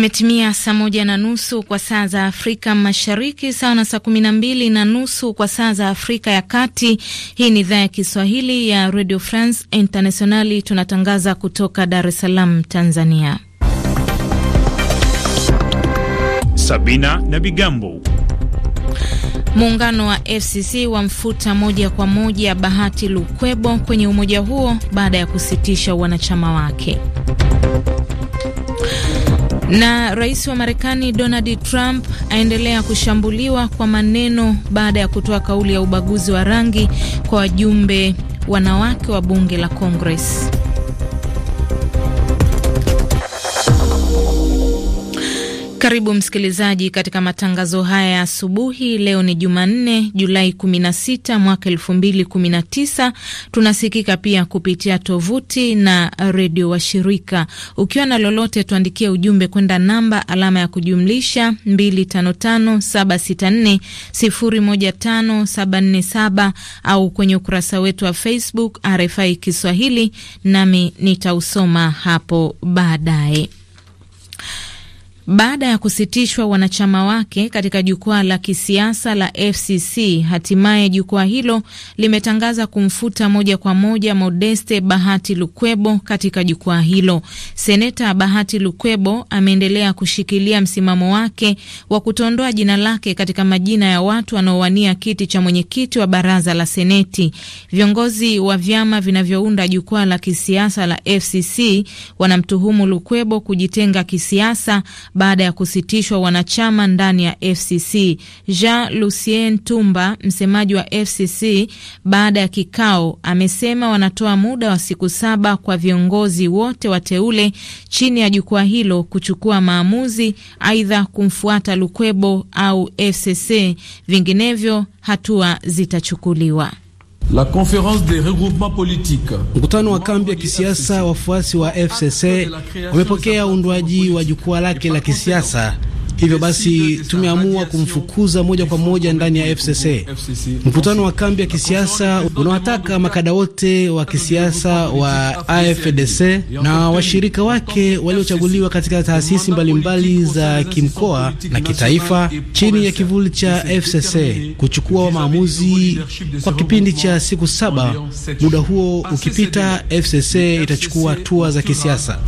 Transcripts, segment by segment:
Imetimia saa moja na nusu kwa saa za Afrika Mashariki, sawa na saa kumi na mbili na nusu kwa saa za Afrika ya Kati. Hii ni idhaa ya Kiswahili ya Radio France Internationali, tunatangaza kutoka Dar es Salaam, Tanzania. Sabina na Bigambo. Muungano wa FCC wamfuta moja kwa moja Bahati Lukwebo kwenye umoja huo baada ya kusitisha wanachama wake. Na rais wa Marekani Donald Trump aendelea kushambuliwa kwa maneno baada ya kutoa kauli ya ubaguzi wa rangi kwa wajumbe wanawake wa bunge la Congress. Karibu msikilizaji katika matangazo haya ya asubuhi. Leo ni Jumanne, Julai 16 mwaka 2019. Tunasikika pia kupitia tovuti na redio washirika. Ukiwa na lolote, tuandikie ujumbe kwenda namba alama ya kujumlisha 255764015747 au kwenye ukurasa wetu wa Facebook RFI Kiswahili, nami nitausoma hapo baadaye baada ya kusitishwa wanachama wake katika jukwaa la kisiasa la FCC. Hatimaye jukwaa hilo limetangaza kumfuta moja kwa moja Modeste Bahati Lukwebo katika jukwaa hilo. Seneta Bahati Lukwebo ameendelea kushikilia msimamo wake wa kutondoa jina lake katika majina ya watu wanaowania kiti cha mwenyekiti wa baraza la Seneti. Viongozi wa vyama vinavyounda jukwaa la kisiasa la FCC wanamtuhumu Lukwebo kujitenga kisiasa baada ya kusitishwa wanachama ndani ya FCC. Jean Lucien Tumba, msemaji wa FCC, baada ya kikao amesema wanatoa muda wa siku saba kwa viongozi wote wateule chini ya jukwaa hilo kuchukua maamuzi, aidha kumfuata Lukwebo au FCC, vinginevyo hatua zitachukuliwa. La conférence des regroupements politiques. Mkutano wa kambi ya kisiasa wafuasi wa FCC wamepokea uundwaji wa jukwaa lake la kisiasa Hivyo basi tumeamua kumfukuza moja kwa moja ndani ya FCC. Mkutano wa kambi ya kisiasa unawataka makada wote wa kisiasa wa AFDC na washirika wake waliochaguliwa katika taasisi mbalimbali za kimkoa na kitaifa chini ya kivuli cha FCC kuchukua maamuzi kwa kipindi cha siku saba. Muda huo ukipita, FCC itachukua hatua za kisiasa.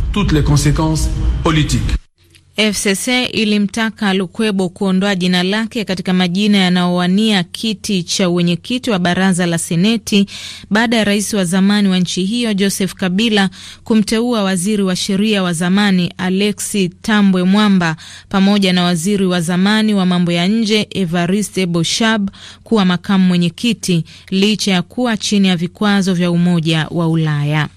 FCC ilimtaka Lukwebo kuondoa jina lake katika majina yanayowania kiti cha uwenyekiti wa baraza la seneti baada ya rais wa zamani wa nchi hiyo Joseph Kabila kumteua waziri wa sheria wa zamani Alexi Tambwe Mwamba pamoja na waziri wa zamani wa mambo ya nje Evariste Boshab kuwa makamu mwenyekiti licha ya kuwa chini ya vikwazo vya Umoja wa Ulaya.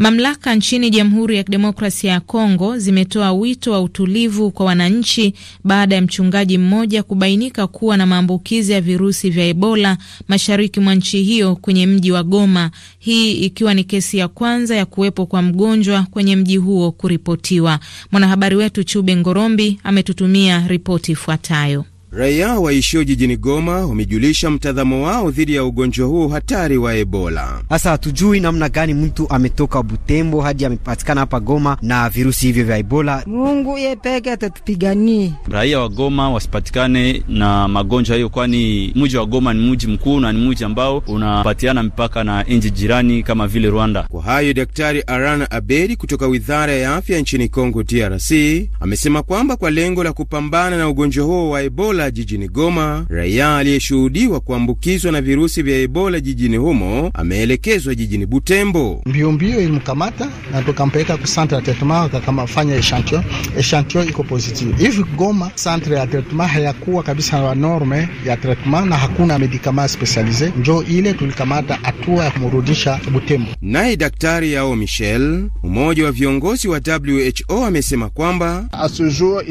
Mamlaka nchini Jamhuri ya Kidemokrasia ya Kongo zimetoa wito wa utulivu kwa wananchi baada ya mchungaji mmoja kubainika kuwa na maambukizi ya virusi vya Ebola mashariki mwa nchi hiyo kwenye mji wa Goma, hii ikiwa ni kesi ya kwanza ya kuwepo kwa mgonjwa kwenye mji huo kuripotiwa. Mwanahabari wetu Chube Ngorombi ametutumia ripoti ifuatayo. Raia waishio jijini Goma wamejulisha mtazamo wao dhidi ya ugonjwa huo hatari wa Ebola. Hasa hatujui namna gani mtu ametoka Butembo hadi amepatikana hapa Goma na virusi hivyo vya Ebola. Mungu ye peke atatupiganie. Raia wa Goma wasipatikane na magonjwa hiyo, kwani mji wa Goma ni mji mkuu na ni mji ambao unapatiana mipaka na nchi jirani kama vile Rwanda. Kwa hayo, Daktari Arana Abedi kutoka Wizara ya Afya nchini Kongo DRC amesema kwamba kwa lengo la kupambana na ugonjwa huo wa Ebola Ebola jijini Goma, raia aliyeshuhudiwa kuambukizwa na virusi vya Ebola jijini humo ameelekezwa jijini Butembo. Mbiombio ilimkamata na tukampeleka ku centre ya tretement, akakamafanya echantion, echantion iko positive hivi. Goma centre ya tretement hayakuwa kabisa na norme ya tretement na hakuna medikama spesialize, njo ile tulikamata hatua ya kumrudisha Butembo. Naye daktari Yao Michel, mmoja wa viongozi wa WHO, amesema kwamba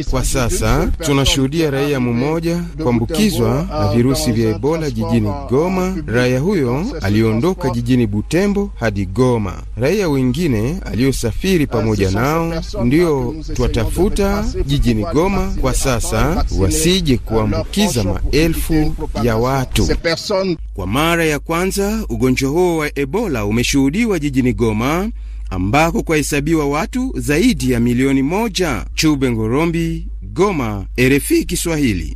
kwa sasa tunashuhudia raia mmoja mmoja kuambukizwa na virusi vya Ebola jijini Goma. Raia huyo aliondoka jijini Butembo hadi Goma. Raia wengine aliosafiri pamoja nao ndio twatafuta jijini Goma kwa sasa, wasije kuambukiza maelfu ya watu. Kwa mara ya kwanza ugonjwa huo wa Ebola umeshuhudiwa jijini Goma ambako kwahesabiwa watu zaidi ya milioni moja. Chube Ngorombi, Goma, RFI Kiswahili.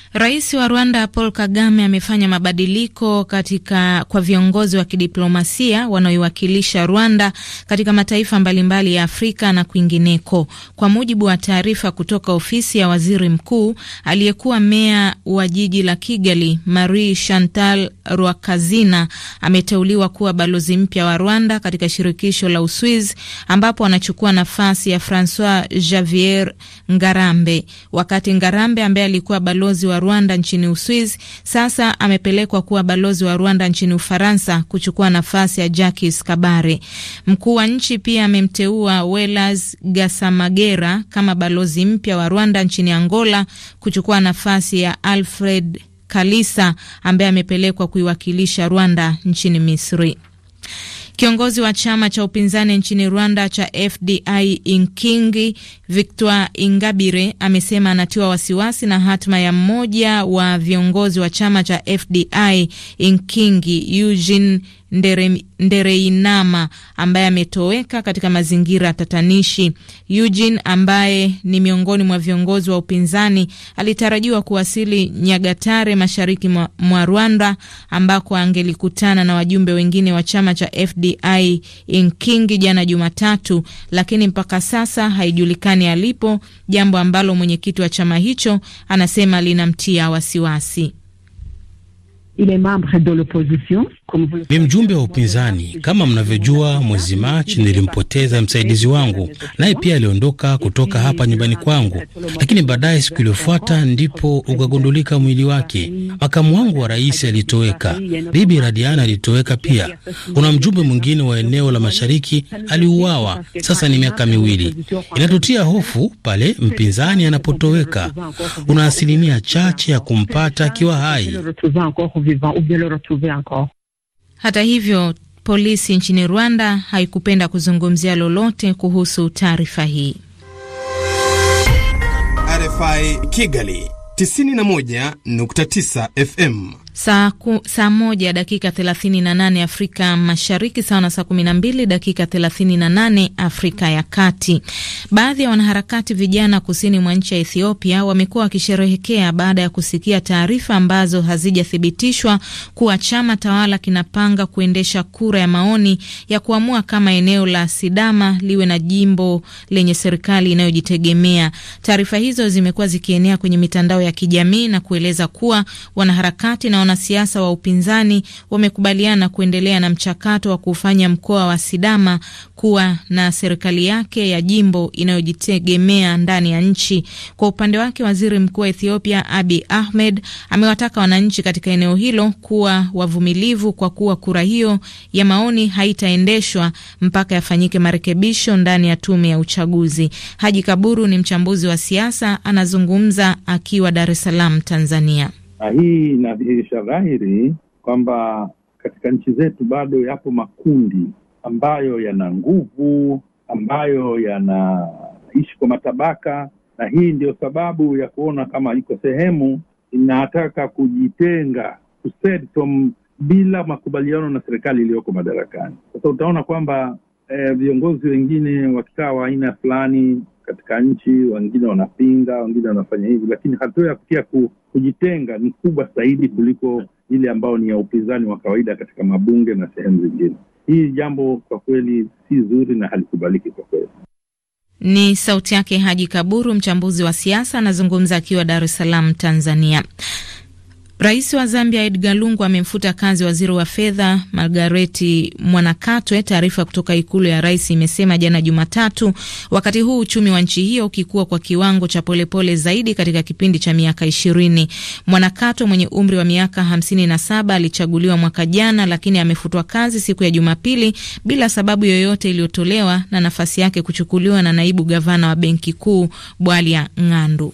Rais wa Rwanda Paul Kagame amefanya mabadiliko katika kwa viongozi wa kidiplomasia wanaoiwakilisha Rwanda katika mataifa mbalimbali ya Afrika na kwingineko. Kwa mujibu wa taarifa kutoka ofisi ya waziri mkuu, aliyekuwa meya wa jiji la Kigali Marie Chantal Rwakazina ameteuliwa kuwa balozi mpya wa Rwanda katika shirikisho la uswiz ambapo anachukua nafasi ya Francois Javier Ngarambe, wakati Ngarambe ambaye alikuwa balozi wa Rwanda nchini Uswizi sasa amepelekwa kuwa balozi wa Rwanda nchini Ufaransa kuchukua nafasi ya Jacques Kabare. Mkuu wa nchi pia amemteua Welas Gasamagera kama balozi mpya wa Rwanda nchini Angola kuchukua nafasi ya Alfred Kalisa ambaye amepelekwa kuiwakilisha Rwanda nchini Misri. Kiongozi wa chama cha upinzani nchini Rwanda cha FDI Inkingi Victor Ingabire amesema anatiwa wasiwasi na hatima ya mmoja wa viongozi wa chama cha FDI Inkingi Eugene Ndere, Ndereinama ambaye ametoweka katika mazingira tatanishi. Eugene ambaye ni miongoni mwa viongozi wa upinzani alitarajiwa kuwasili Nyagatare mashariki mwa, mwa Rwanda ambako angelikutana na wajumbe wengine wa chama cha FDI Inkingi jana Jumatatu, lakini mpaka sasa haijulikani alipo, jambo ambalo mwenyekiti wa chama hicho anasema linamtia wasiwasi. Il est membre de l'opposition ni mjumbe wa upinzani. Kama mnavyojua, mwezi Machi nilimpoteza msaidizi wangu, naye pia aliondoka kutoka hapa nyumbani kwangu, lakini baadaye siku iliyofuata ndipo ukagundulika mwili wake. Makamu wangu wa rais alitoweka, Bibi Radiana alitoweka pia. Kuna mjumbe mwingine wa eneo la mashariki aliuawa, sasa ni miaka miwili. Inatutia hofu pale mpinzani anapotoweka. Una asilimia chache ya kumpata akiwa hai. Hata hivyo, polisi nchini Rwanda haikupenda kuzungumzia lolote kuhusu taarifa hii. RFI Kigali 91.9 FM Saa, ku, saa moja dakika thelathini na nane Afrika Mashariki sawa na saa kumi na mbili dakika thelathini na nane Afrika ya Kati. Baadhi ya wanaharakati vijana kusini mwa nchi ya Ethiopia wamekuwa wakisherehekea baada ya kusikia taarifa ambazo hazijathibitishwa kuwa chama tawala kinapanga kuendesha kura ya maoni ya kuamua kama eneo la Sidama liwe na jimbo lenye serikali inayojitegemea. Taarifa hizo zimekuwa zikienea kwenye mitandao ya kijamii na kueleza kuwa wanaharakati na wana wanasiasa wa upinzani wamekubaliana kuendelea na mchakato wa kuufanya mkoa wa Sidama kuwa na serikali yake ya jimbo inayojitegemea ndani ya nchi. Kwa upande wake, waziri mkuu wa Ethiopia Abi Ahmed amewataka wananchi katika eneo hilo kuwa wavumilivu kwa kuwa kura hiyo ya maoni haitaendeshwa mpaka yafanyike marekebisho ndani ya tume ya uchaguzi. Haji Kaburu ni mchambuzi wa siasa, anazungumza akiwa Dar es Salaam, Tanzania na hii inadhihirisha dhahiri kwamba katika nchi zetu bado yapo makundi ambayo yana nguvu, ambayo yanaishi kwa matabaka, na hii ndiyo sababu ya kuona kama iko sehemu inataka kujitenga from bila makubaliano na serikali iliyoko madarakani. Sasa utaona kwamba eh, viongozi wengine wakikaa wa aina fulani katika nchi, wengine wanapinga, wengine wanafanya hivi, lakini hatua ya kufikia ku, kujitenga ni kubwa zaidi kuliko ile ambayo ni ya upinzani wa kawaida katika mabunge na sehemu zingine. Hii jambo kwa kweli si zuri na halikubaliki kwa kweli. Ni sauti yake Haji Kaburu, mchambuzi wa siasa, anazungumza akiwa Dar es Salaam, Tanzania. Rais wa Zambia Edgar Lungu amemfuta kazi waziri wa fedha Margareti Mwanakatwe. Taarifa kutoka ikulu ya rais imesema jana Jumatatu, wakati huu uchumi wa nchi hiyo ukikuwa kwa kiwango cha polepole zaidi katika kipindi cha miaka ishirini. Mwanakatwe mwenye umri wa miaka hamsini na saba alichaguliwa mwaka jana, lakini amefutwa kazi siku ya Jumapili bila sababu yoyote iliyotolewa na nafasi yake kuchukuliwa na naibu gavana wa benki kuu Bwalya Ng'andu.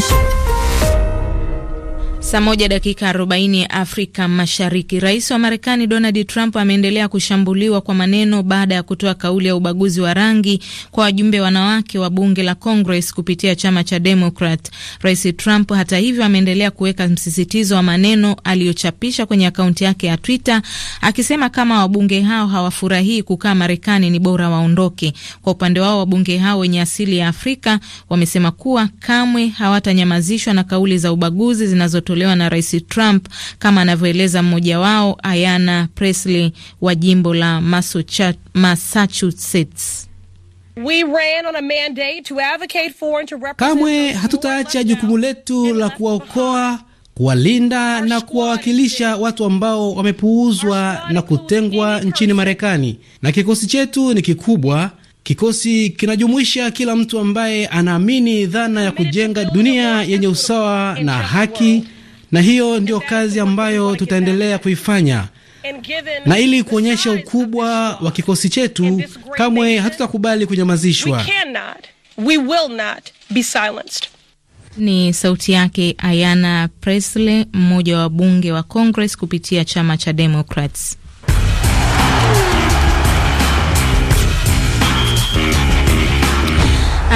Saa moja dakika arobaini Afrika Mashariki. Rais wa Marekani Donald Trump ameendelea kushambuliwa kwa maneno baada ya kutoa kauli ya ubaguzi wa rangi kwa wajumbe wanawake wa bunge la Congress kupitia chama cha Demokrat. Rais Trump hata hivyo ameendelea kuweka msisitizo wa maneno aliyochapisha kwenye akaunti yake ya Twitter akisema kama wabunge hao hawafurahii kukaa Marekani ni bora waondoke. Kwa upande wao, wabunge hao wenye asili ya Afrika wamesema kuwa kamwe hawatanyamazishwa na kauli za ubaguzi zinazotolewa kutolewa na Rais Trump kama anavyoeleza mmoja wao Ayana Presley wa jimbo la Massachusetts. We ran on a mandate to advocate for and to represent. Kamwe hatutaacha jukumu letu la kuwaokoa, kuwalinda na kuwawakilisha watu ambao wamepuuzwa na kutengwa nchini Marekani, na kikosi chetu ni kikubwa. Kikosi kinajumuisha kila mtu ambaye anaamini dhana ya kujenga dunia yenye usawa na haki na hiyo ndio kazi ambayo tutaendelea kuifanya, na ili kuonyesha ukubwa wa kikosi chetu, kamwe hatutakubali kunyamazishwa. Ni sauti yake Ayana Presley, mmoja wa bunge wa Congress kupitia chama cha Democrats.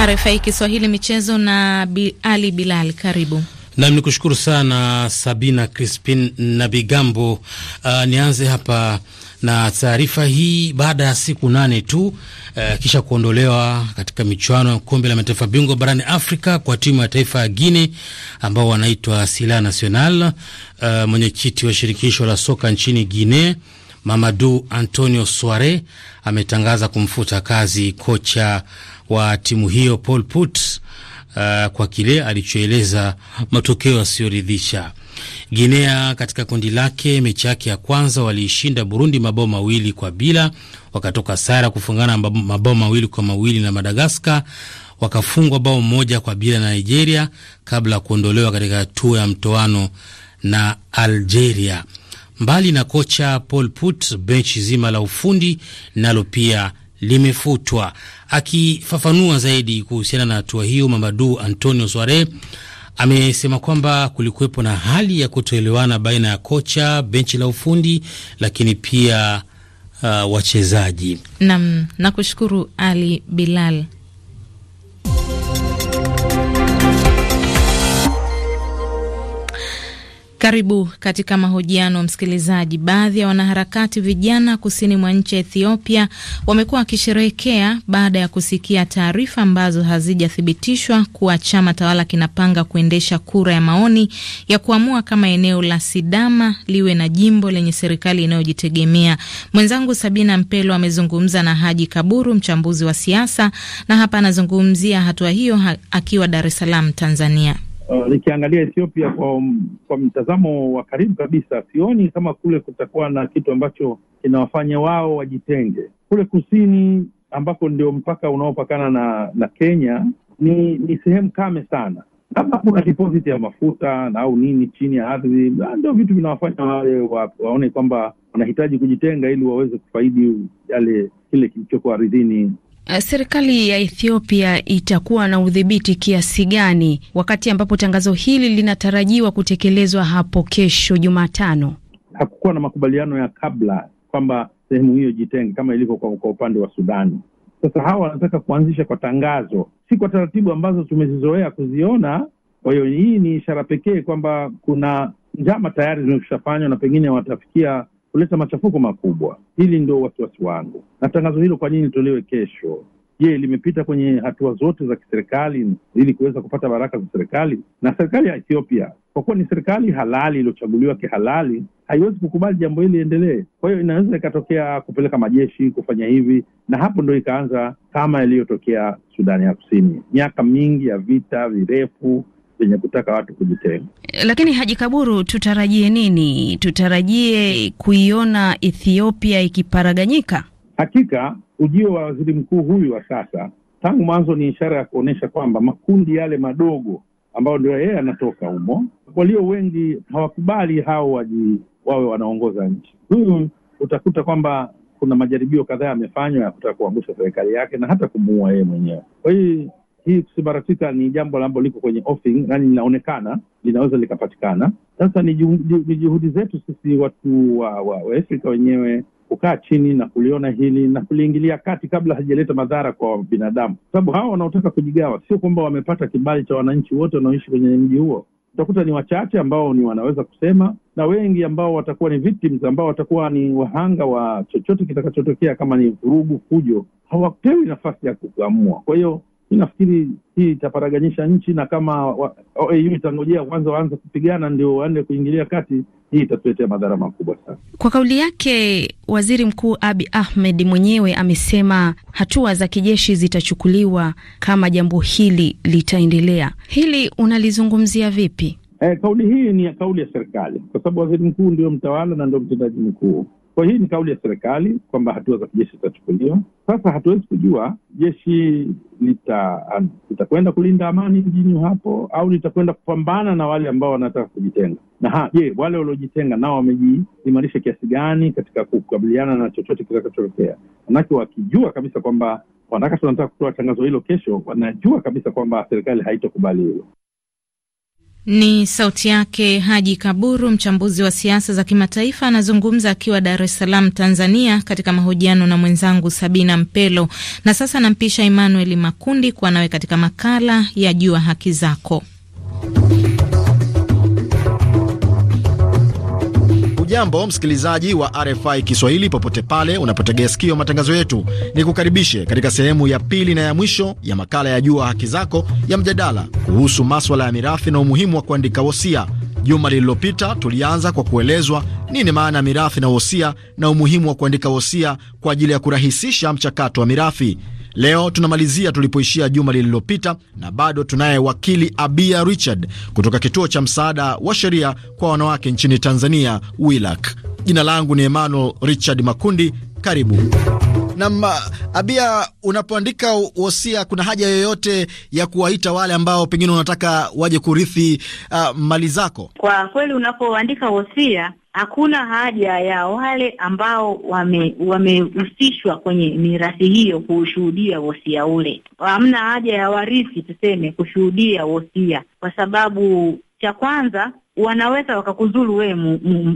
RFI Kiswahili michezo na Ali Bilal, karibu. Nam ni kushukuru sana Sabina Crispin na Bigambo. Uh, nianze hapa na taarifa hii. Baada ya siku nane tu uh, kisha kuondolewa katika michuano ya kombe la mataifa bingwa barani Afrika kwa timu ya taifa ya Guine ambao wanaitwa Sila National, uh, ah, mwenyekiti wa shirikisho la soka nchini Guine Mamadu Antonio Soare ametangaza kumfuta kazi kocha wa timu hiyo Paul Put uh, kwa kile alichoeleza matokeo yasiyoridhisha. Guinea katika kundi lake, mechi yake ya kwanza waliishinda Burundi mabao mawili kwa bila, wakatoka sara kufungana mabao mawili kwa mawili na Madagaskar, wakafungwa bao moja kwa bila na Nigeria kabla ya kuondolewa katika hatua ya mtoano na Algeria. Mbali na kocha Paul Put, benchi zima la ufundi nalo pia limefutwa. Akifafanua zaidi kuhusiana na hatua hiyo, Mamadu Antonio Soare amesema kwamba kulikuwepo na hali ya kutoelewana baina ya kocha, benchi la ufundi, lakini pia uh, wachezaji. Nam, nakushukuru Ali Bilal. Karibu katika mahojiano msikilizaji. Baadhi ya wanaharakati vijana kusini mwa nchi ya Ethiopia wamekuwa wakisherehekea baada ya kusikia taarifa ambazo hazijathibitishwa kuwa chama tawala kinapanga kuendesha kura ya maoni ya kuamua kama eneo la Sidama liwe na jimbo lenye serikali inayojitegemea. Mwenzangu Sabina Mpelo amezungumza na Haji Kaburu, mchambuzi wa siasa, na hapa anazungumzia hatua hiyo ha akiwa Dar es Salaam, Tanzania. Uh, nikiangalia uh, Ethiopia kwa, kwa mtazamo wa karibu kabisa, sioni kama kule kutakuwa na kitu ambacho kinawafanya wao wajitenge. Kule kusini ambako ndio mpaka unaopakana na na Kenya ni ni sehemu kame sana, labda kuna dipositi ya mafuta na au nini chini ya ardhi, ndio vitu vinawafanya wale wa, waone kwamba wanahitaji kujitenga ili waweze kufaidi yale kile kilichoko ardhini Eh, serikali ya Ethiopia itakuwa na udhibiti kiasi gani wakati ambapo tangazo hili linatarajiwa kutekelezwa hapo kesho Jumatano? Hakukuwa na makubaliano ya kabla kwamba sehemu hiyo jitenge kama ilivyo kwa upande wa Sudani. Sasa hawa wanataka kuanzisha kwa tangazo, si kwa taratibu ambazo tumezizoea kuziona. Kwa hiyo hii ni ishara pekee kwamba kuna njama tayari zimekushafanywa na pengine watafikia kuleta machafuko makubwa. Hili ndio wasiwasi wangu, na tangazo hilo kwa nini litolewe kesho? Je, limepita kwenye hatua zote za kiserikali ili kuweza kupata baraka za serikali? Na serikali ya Ethiopia, kwa kuwa ni serikali halali iliyochaguliwa kihalali, haiwezi kukubali jambo hili liendelee. Kwa hiyo inaweza ikatokea kupeleka majeshi kufanya hivi, na hapo ndo ikaanza kama iliyotokea Sudani ya Kusini, miaka mingi ya vita virefu yenye kutaka watu kujitenga. Lakini Haji Kaburu, tutarajie nini? Tutarajie kuiona Ethiopia ikiparaganyika? Hakika ujio wa waziri mkuu huyu wa sasa tangu mwanzo ni ishara ya kuonyesha kwamba makundi yale madogo ambayo ndio yeye anatoka humo, walio wengi hawakubali hao waji wawe wanaongoza nchi. Huyu utakuta kwamba kuna majaribio kadhaa yamefanywa ya kutaka kuangusha serikali yake na hata kumuua yeye mwenyewe. Kwa hiyo hii kusambaratika ni jambo ambalo liko kwenye offing, yani linaonekana linaweza likapatikana. Sasa ni juhudi zetu sisi watu wa, wa, wa Afrika wenyewe kukaa chini na kuliona hili na kuliingilia kati kabla hajaleta madhara kwa binadamu, kwa sababu hawa wanaotaka kujigawa sio kwamba wamepata kibali cha wananchi wote wanaoishi kwenye mji huo. Utakuta ni wachache ambao ni wanaweza kusema na wengi ambao watakuwa ni victims, ambao watakuwa ni wahanga wa chochote kitakachotokea, kama ni vurugu, fujo, hawapewi nafasi ya kuamua. Kwa hiyo mi nafikiri hii itaparaganyisha nchi na kama au itangojea kwanza waanze kupigana ndio waende kuingilia kati, hii itatuletea madhara makubwa sana. Kwa kauli yake, waziri mkuu Abi Ahmed mwenyewe amesema hatua za kijeshi zitachukuliwa kama jambo hili litaendelea. Hili unalizungumzia vipi? Eh, kauli hii ni ya kauli ya serikali kwa sababu waziri mkuu ndio mtawala na ndio mtendaji mkuu. Kwa hii ni kauli ya serikali kwamba hatua za kijeshi zitachukuliwa. Sasa hatuwezi kujua jeshi litakwenda kulinda amani mjini hapo au litakwenda kupambana na wale ambao wanataka kujitenga na je, wale waliojitenga nao wamejiimarisha kiasi gani katika kukabiliana na chochote kitakachotokea? Manake wakijua kabisa kwamba wanataka kutoa tangazo hilo kesho, wanajua kabisa kwamba serikali haitokubali hilo. Ni sauti yake Haji Kaburu, mchambuzi wa siasa za kimataifa, anazungumza akiwa Dar es Salaam, Tanzania, katika mahojiano na mwenzangu Sabina Mpelo. Na sasa nampisha Emmanuel Makundi kuwa nawe katika makala ya Jua Haki Zako. Hujambo msikilizaji wa RFI Kiswahili popote pale unapotegea sikio matangazo yetu, ni kukaribishe katika sehemu ya pili na ya mwisho ya makala ya Jua Haki Zako ya mjadala kuhusu maswala ya mirathi na umuhimu wa kuandika wosia. Juma lililopita tulianza kwa kuelezwa nini maana ya mirathi na wosia na umuhimu wa kuandika wosia kwa ajili ya kurahisisha mchakato wa mirathi. Leo tunamalizia tulipoishia juma lililopita, na bado tunaye wakili Abia Richard kutoka kituo cha msaada wa sheria kwa wanawake nchini Tanzania, WILAK. Jina langu ni Emmanuel Richard Makundi, karibu. Nam Abia, unapoandika wosia, kuna haja yoyote ya kuwaita wale ambao pengine unataka waje kurithi uh, mali zako? Kwa kweli unapoandika wosia hakuna haja ya wale ambao wamehusishwa wame kwenye mirathi hiyo kushuhudia wosia ule. Hamna haja ya warithi tuseme kushuhudia wosia, kwa sababu cha kwanza wanaweza wakakuzuru wewe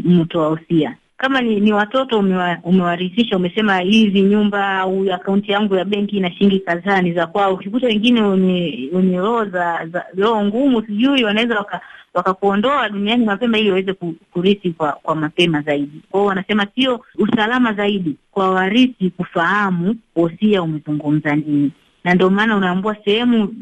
mtoa wosia kama ni, ni watoto umewa, umewarithisha umesema hizi nyumba au akaunti yangu ya benki ina shilingi kadhaa ni za kwao. Ukikuta wengine wenye roho za roho ngumu, sijui wanaweza wakakuondoa duniani mapema ili waweze kurithi kwa, kwa mapema zaidi. Kwao wanasema sio usalama zaidi kwa warithi kufahamu wosia umezungumza nini, na ndio maana unaambua sehemu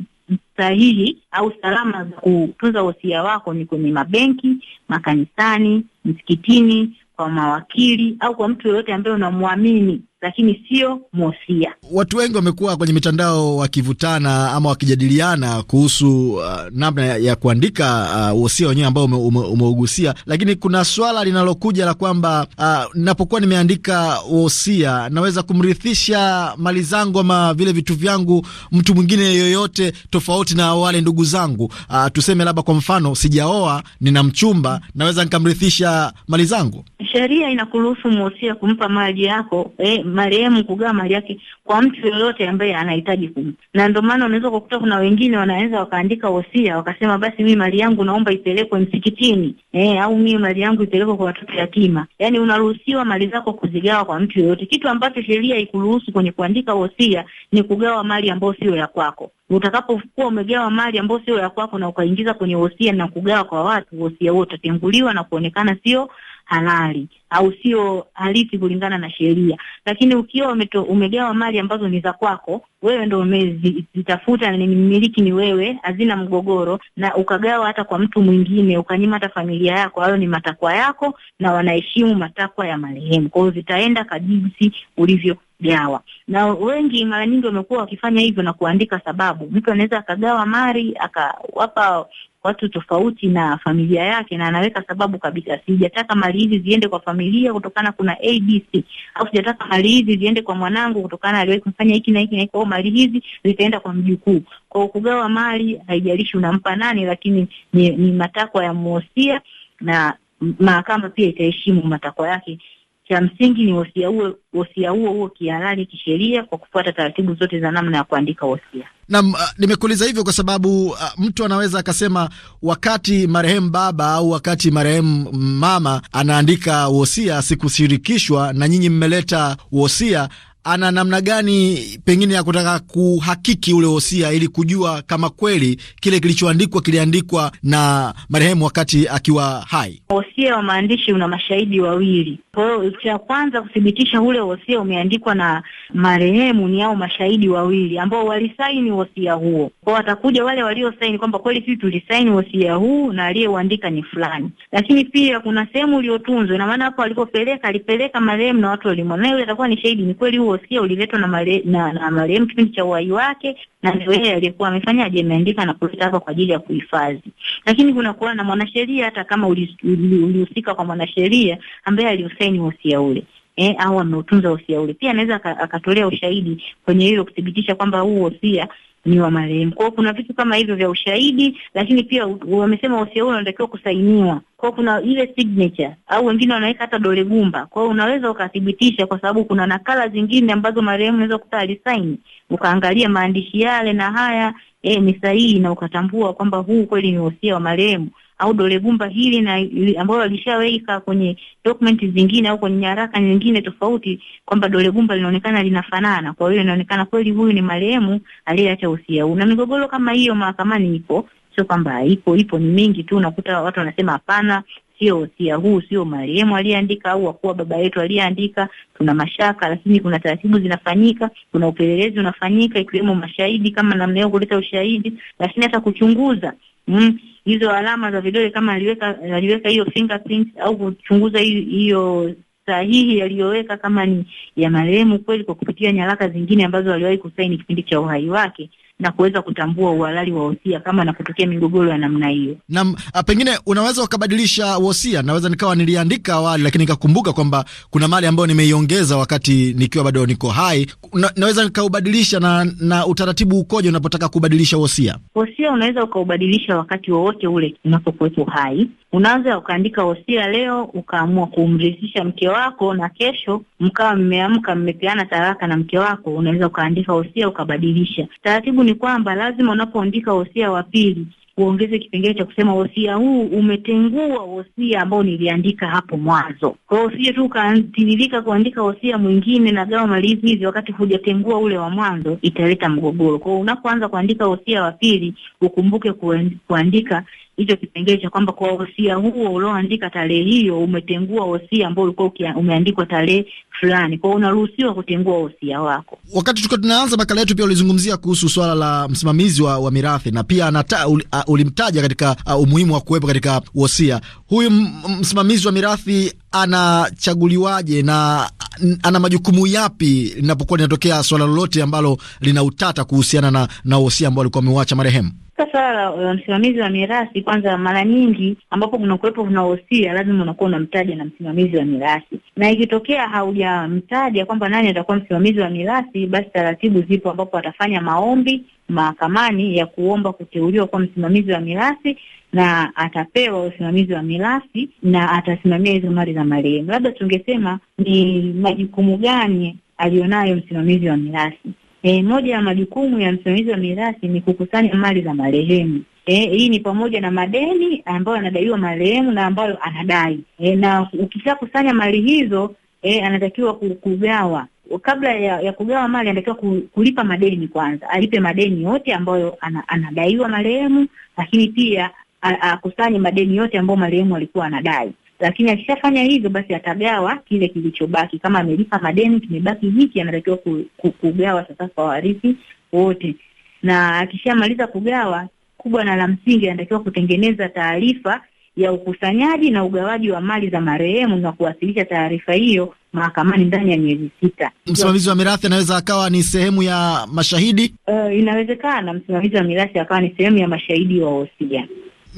sahihi au salama za kutunza wosia wako ni kwenye mabenki, makanisani, msikitini, kwa mawakili au kwa mtu yoyote ambaye unamwamini lakini sio mwosia. Watu wengi wamekuwa kwenye mitandao wakivutana ama wakijadiliana kuhusu uh, namna ya, ya kuandika uh, wenyewe ambao umeugusia ume, ume, lakini kuna swala linalokuja la kwamba uh, napokuwa nimeandika wosia naweza kumrithisha mali zangu ama vile vitu vyangu mtu mwingine yoyote tofauti na wale ndugu zangu. Uh, tuseme labda kwa mfano sijaoa, nina mchumba, naweza nikamrithisha mali zangu? Sheria inakuruhusu mosia kumpa mali yako eh, marehemu kugawa mali yake kwa mtu yoyote ambaye anahitaji kumpa. Na ndio maana unaweza kukuta kuna wengine wanaweza wakaandika wosia wakasema, basi mimi mali yangu naomba ipelekwe msikitini eh, au mimi mali yangu ipelekwe kwa watoto yatima. Yaani unaruhusiwa mali zako kuzigawa kwa mtu yoyote, kitu ambacho sheria haikuruhusu kwenye kuandika wosia ni kugawa mali ambayo sio ya kwako. Utakapokuwa umegawa mali ambayo sio ya kwako na ukaingiza kwenye wosia na kugawa kwa watu, wosia huo utatenguliwa na kuonekana sio halali au sio halisi kulingana na sheria. Lakini ukiwa umegawa mali ambazo ni za kwako wewe, ndo umezitafuta, ni mmiliki ni wewe, hazina mgogoro, na ukagawa hata kwa mtu mwingine, ukanyima hata familia yako, hayo ni matakwa yako na wanaheshimu matakwa ya marehemu. Kwa hiyo zitaenda kajinsi ulivyogawa, na wengi mara nyingi wamekuwa wakifanya hivyo na kuandika sababu. Mtu anaweza akagawa mali akawapa watu tofauti na familia yake, na anaweka sababu kabisa, sijataka mali hizi ziende kwa familia kutokana kuna ABC, au sijataka mali hizi ziende kwa mwanangu kutokana aliwahi kufanya hiki na hiki na hiki, au mali hizi zitaenda kwa mjukuu. Kwa kugawa mali, haijalishi unampa nani, lakini ni, ni matakwa ya mhosia na mahakama pia itaheshimu matakwa yake cha msingi ni wasia huo huo huo kihalali kisheria kwa kufuata taratibu zote za namna ya kuandika wasia. Naam, uh, nimekuuliza hivyo kwa sababu uh, mtu anaweza akasema wakati marehemu baba au wakati marehemu mama anaandika wosia sikushirikishwa na nyinyi mmeleta wosia, ana namna gani pengine ya kutaka kuhakiki ule wosia ili kujua kama kweli kile kilichoandikwa kiliandikwa na marehemu wakati akiwa hai? Wosia wa maandishi una mashahidi wawili. Kwa hiyo cha kwanza kuthibitisha ule wosia umeandikwa na marehemu ni hao mashahidi wawili ambao walisaini wosia huo. Kwa watakuja wale waliosaini kwamba kweli sisi tulisaini wosia huu na aliyeuandika ni fulani. Lakini pia kuna sehemu iliyotunzwa, ina maana hapo alipopeleka alipeleka marehemu na watu walimwona, yule atakuwa ni shahidi, ni kweli huo ulivyosikia uliletwa na mare, na, na marehemu kipindi cha uhai wake, na ndio yeye aliyekuwa amefanyaje, ameandika na kuleta hapa kwa ajili ya kuhifadhi. Lakini kuwa na mwanasheria, hata kama ulihusika kwa mwanasheria ambaye aliusaini wosia ule eh, au ameutunza wosia ule, pia anaweza akatolea ushahidi kwenye hiyo kuthibitisha kwamba huu wosia ni wa marehemu. Kwa hiyo kuna vitu kama hivyo vya ushahidi, lakini pia wamesema wosia huo unatakiwa kusainiwa. Kwa hiyo kuna ile signature au wengine wanaweka hata dole gumba. Kwa hiyo unaweza ukathibitisha, kwa sababu kuna nakala zingine ambazo marehemu unaweza kukuta alisaini, ukaangalia maandishi yale na haya, eh, ni sahihi na ukatambua kwamba huu kweli ni wosia wa marehemu au dole gumba hili na ambao walishaweka kwenye document zingine au kwenye nyaraka nyingine tofauti kwamba dole gumba linaonekana linafanana, kwa hiyo inaonekana kweli huyu ni marehemu aliyeacha usia huu. Na migogoro kama hiyo mahakamani ipo, sio kwamba ipo ipo, ni mingi tu. Unakuta watu wanasema hapana, sio usia huu, sio marehemu aliyeandika au wakuwa baba yetu aliyeandika, tuna mashaka. Lakini kuna taratibu zinafanyika, kuna upelelezi unafanyika, ikiwemo mashahidi kama namna hiyo kuleta ushahidi, lakini hata kuchunguza mm, hizo alama za vidole, kama aliweka aliweka hiyo fingerprint au kuchunguza hiyo sahihi aliyoweka kama ni ya marehemu kweli, kwa kupitia nyaraka zingine ambazo aliwahi kusaini kipindi cha uhai wake, na kuweza kutambua uhalali wa wosia kama anapotokea migogoro ya namna hiyo. Naam, ah, pengine unaweza ukabadilisha wosia. Naweza nikawa niliandika awali, lakini nikakumbuka kwamba kuna mali ambayo nimeiongeza wakati nikiwa bado niko hai na, naweza nikaubadilisha na, na utaratibu ukoje unapotaka kubadilisha wosia? Wosia unaweza ukaubadilisha wakati wowote ule unapokuwepo hai. Unaweza ukaandika wosia leo, ukaamua kumrithisha mke wako, na kesho mkawa mmeamka mmepeana taraka na mke wako, unaweza ukaandika wosia ukabadilisha. Taratibu ni kwamba lazima unapoandika wosia wa pili uongeze kipengele cha kusema wosia huu umetengua wosia ambao niliandika hapo mwanzo. Kwa hiyo usije tu ukatiririka kuandika wosia mwingine na gawa malizi hivi, wakati hujatengua ule wa mwanzo, italeta mgogoro. Kwa hiyo unapoanza kuandika wosia wa pili, ukumbuke kuandika hicho kipengele cha kwamba kwa wosia huo ulioandika tarehe hiyo umetengua wosia ambao ulikuwa umeandikwa tarehe fulani, kwa unaruhusiwa kutengua wosia wako. Wakati tulikuwa tunaanza makala yetu, pia ulizungumzia kuhusu swala la msimamizi wa, wa mirathi na pia anata, uli, uh, ulimtaja katika uh, umuhimu wa kuwepo katika wosia. Huyu msimamizi wa mirathi anachaguliwaje na ana majukumu yapi linapokuwa linatokea swala lolote ambalo lina utata kuhusiana na wosia ambao alikuwa ameuacha marehemu? Sasa swala la msimamizi wa mirathi, kwanza, mara nyingi ambapo kunakuwepo kuna wosia, lazima unakuwa unamtaja na msimamizi wa mirathi, na ikitokea haujamtaja kwamba nani atakuwa msimamizi wa mirathi, basi taratibu zipo ambapo atafanya maombi mahakamani ya kuomba kuteuliwa kuwa msimamizi wa mirathi na atapewa usimamizi wa mirathi na atasimamia hizo mali za marehemu. Labda tungesema ni majukumu gani aliyonayo msimamizi wa mirathi E, moja ya majukumu ya msimamizi wa mirathi ni kukusanya mali za marehemu. E, hii ni pamoja na madeni ambayo anadaiwa marehemu na ambayo anadai. E, na ukishakusanya mali hizo e, anatakiwa kugawa. Kabla ya, ya kugawa mali anatakiwa kulipa madeni kwanza, alipe madeni yote ambayo ana, anadaiwa marehemu, lakini pia akusanye madeni yote ambayo marehemu alikuwa anadai lakini akishafanya hivyo, basi atagawa kile kilichobaki. Kama amelipa madeni, kimebaki hiki, anatakiwa ku, ku, kugawa sasa kwa warithi wote, na akishamaliza kugawa, kubwa na la msingi, anatakiwa kutengeneza taarifa ya ukusanyaji na ugawaji wa mali za marehemu na kuwasilisha taarifa hiyo mahakamani ndani ya miezi sita. Msimamizi wa mirathi anaweza akawa ni sehemu ya mashahidi. Uh, inawezekana msimamizi wa mirathi akawa ni sehemu ya mashahidi wa wosia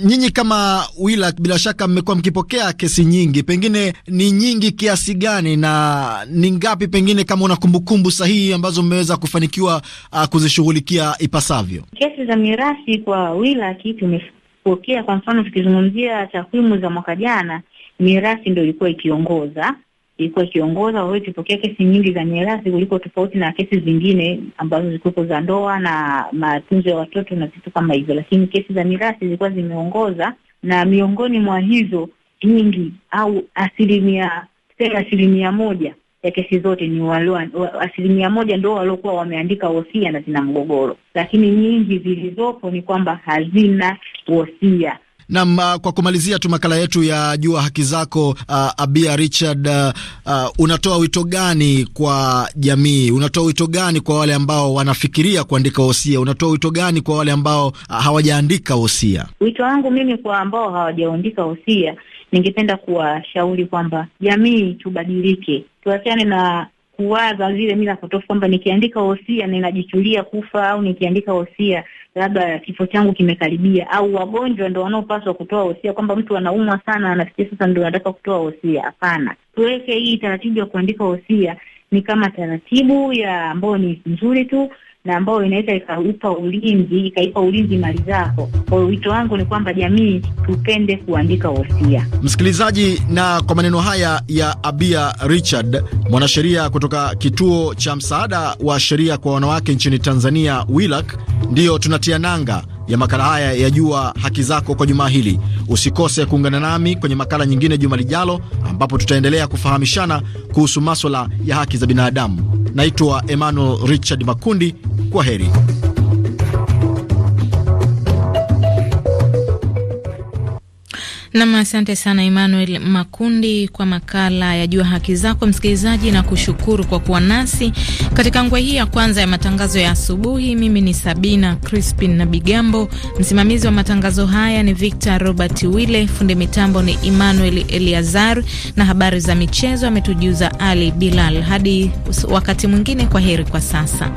nyinyi kama wila, bila shaka mmekuwa mkipokea kesi nyingi, pengine ni nyingi kiasi gani na ni ngapi, pengine kama una kumbukumbu sahihi, ambazo mmeweza kufanikiwa uh, kuzishughulikia ipasavyo? Kesi za mirathi kwa Willa tumepokea, kwa mfano tukizungumzia takwimu za mwaka jana, mirathi ndio ilikuwa ikiongoza ilikuwa ikiongoza wawe ikipokea kesi nyingi za mirathi kuliko tofauti na kesi zingine ambazo zilikuwepo za ndoa na matunzo ya watoto na vitu kama hivyo, lakini kesi za mirathi zilikuwa zimeongoza, na miongoni mwa hizo nyingi au asilimia sema asilimia moja ya kesi zote ni walio asilimia moja ndo waliokuwa wameandika wosia na zina mgogoro, lakini nyingi zilizopo ni kwamba hazina wosia. Nam, uh, kwa kumalizia tu makala yetu ya Jua Haki Zako, uh, Abia Richard, uh, uh, unatoa wito gani kwa jamii? Unatoa wito gani kwa wale ambao wanafikiria kuandika wosia? Unatoa wito gani kwa wale ambao uh, hawajaandika wosia? Wito wangu mimi kwa ambao hawajaandika wosia, ningependa kuwashauri kwamba jamii tubadilike, tuachane na kuwaza zile mila potofu kwamba nikiandika wosia ninajichulia kufa au nikiandika wosia labda kifo changu kimekaribia, au wagonjwa ndo wanaopaswa kutoa wosia, kwamba mtu anaumwa sana anafikia sasa ndo anataka kutoa wosia. Hapana, tuweke hii taratibu ya kuandika wosia ni kama taratibu ya ambayo ni nzuri tu na ambayo inaweza ikaupa ulinzi ikaipa ulinzi mali zako. Kwa hiyo wito wangu ni kwamba jamii tupende kuandika wosia. Msikilizaji, na kwa maneno haya ya Abia Richard, mwanasheria kutoka kituo cha msaada wa sheria kwa wanawake nchini Tanzania, WILAK, ndiyo tunatia nanga ya makala haya ya Jua Haki Zako kwa jumaa hili. Usikose kuungana nami kwenye makala nyingine juma lijalo, ambapo tutaendelea kufahamishana kuhusu maswala ya haki za binadamu. Naitwa Emmanuel Richard Makundi, kwa heri. Nam, asante sana Emmanuel Makundi kwa makala ya Jua Haki Zako, msikilizaji, na kushukuru kwa kuwa nasi katika ngwe hii ya kwanza ya matangazo ya asubuhi. Mimi ni Sabina Crispin na Bigambo, msimamizi wa matangazo haya ni Victor Robert Wille, fundi mitambo ni Emmanuel Eliazar, na habari za michezo ametujuza Ali Bilal. Hadi wakati mwingine, kwa heri kwa sasa.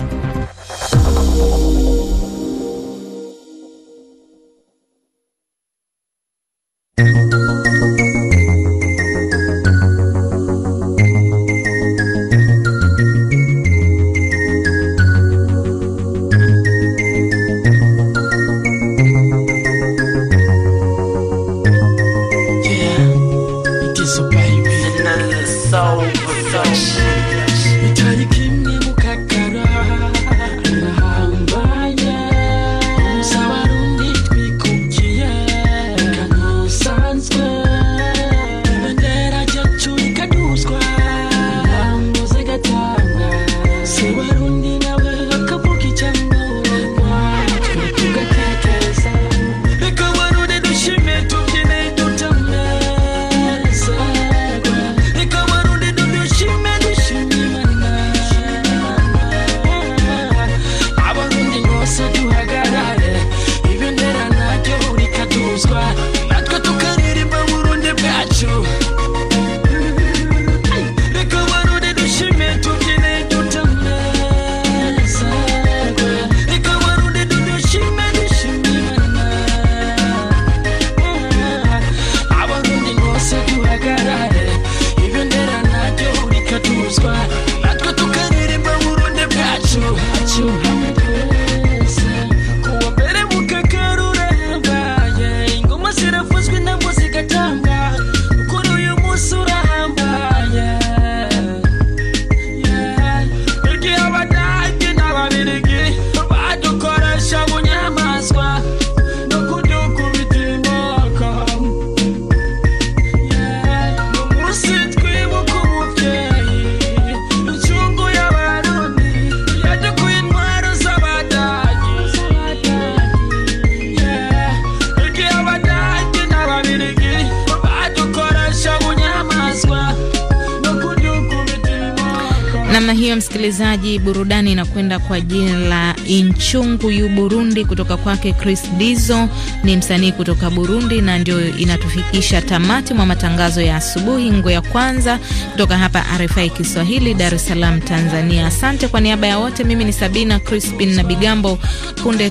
msikilizaji, burudani inakwenda kwa jina la Inchungu yu Burundi kutoka kwake Chris Dizo, ni msanii kutoka Burundi, na ndio inatufikisha tamati mwa matangazo ya asubuhi ngo ya kwanza kutoka hapa RFI Kiswahili, Dar es Salaam, Tanzania. Asante kwa niaba ya wote, mimi ni Sabina Crispin na Bigambo. Punde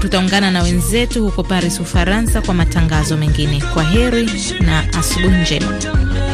tutaungana na wenzetu huko Paris, Ufaransa, kwa matangazo mengine. Kwa heri na asubuhi njema.